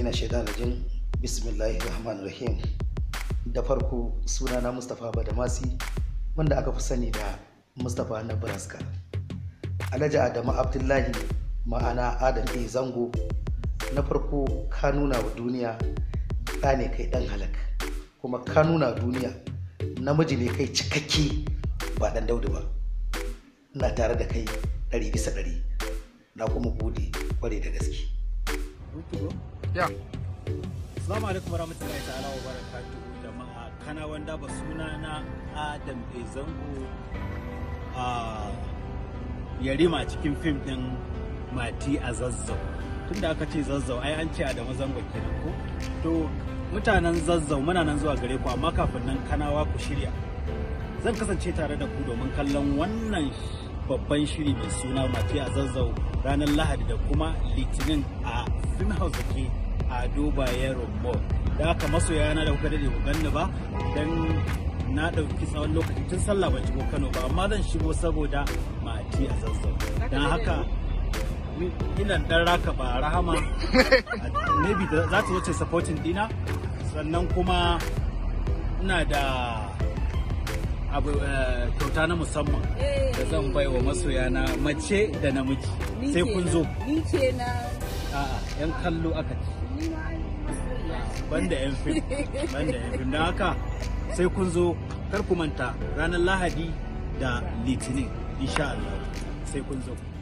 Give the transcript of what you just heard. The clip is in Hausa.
ina shaida da jin bismillahi rahman rahim da farko sunana mustapha badamasi wanda aka fi sani da mustapha na braska alhaji adamu abdullahi ma'ana adam a zango na farko ka nuna wa duniya ɗa ne kai ɗan halak kuma ka nuna duniya namiji ne kai cikakke ba ɗan daudu ba na tare da kai ɗari bisa ɗari na kuma gode kware da gaske. Ya. Assalamu alaikum warahmatullahi ta'ala wa barakatuh jama'a kana wanda ba suna na Adam A Zango a yarima cikin fim din Mati a Zazzau. Tunda aka ce Zazzau ai an ce Adamu Zango kenan ko? To mutanen Zazzau muna nan zuwa gare ku amma kafin nan kanawa ku shirya. Zan kasance tare da ku domin kallon wannan babban shiri mai suna Mati a Zazzau ranar Lahadi da kuma Litinin a Golden House da a Duba Yaro Mall. Da aka maso yana da kuka dade ku ganni ba dan na ɗauki tsawon lokaci tun sallah ban shigo Kano ba amma zan shigo saboda mati a zazzau. Don haka ina dan raka ba rahama maybe za ta wuce supporting dina sannan kuma ina da abu eh, kyauta na musamman da zan eh. bai wa masoya na mace da namiji sai kun zo. Ni na a'a yan kallo aka ce banda yan fim banda yan fim haka sai kun zo kar manta ranar lahadi da litinin insha Allah sai kun zo